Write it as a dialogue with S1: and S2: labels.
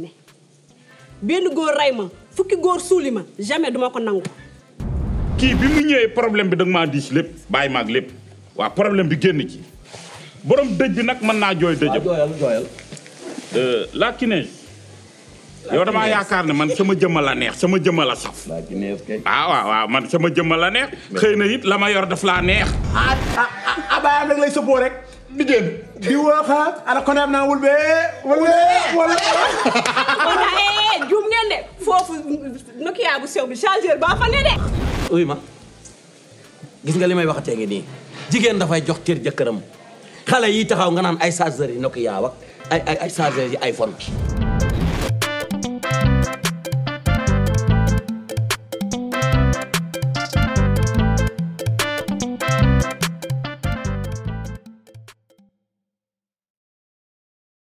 S1: ne benn góor rey ma fukki góor suuli ma jamais duma ko nangu. kii bi mu ñëwee problème bi da ma maa diis lépp baay maak lépp waaw problème bi génn ci borom dëj bi nag mën naa jooy dëjëm waaw jooyal jooyal. Euh, yow damaa yaakaar ne man sama jëmma la neex sama jëmm la saf. la Kiné ah, man sama jëmm la neex. xëy na it la ma yor daf laa neex.
S2: ah ah ah lay sëppoo rek. Dijeen. di waxaat ala ko am naa
S3: wul bee. wala wala. kon nag eh, eh, eh juum ngeen foofu Nokia bu sew bi chargeur ba fa ne de.
S4: ma gis nga li may waxatee ngi nii jigéen dafay jox cër jëkkëram xale yi taxaw nga naan ay chargeur yi Nokia ak ay ay ay chargeur yi iPhone.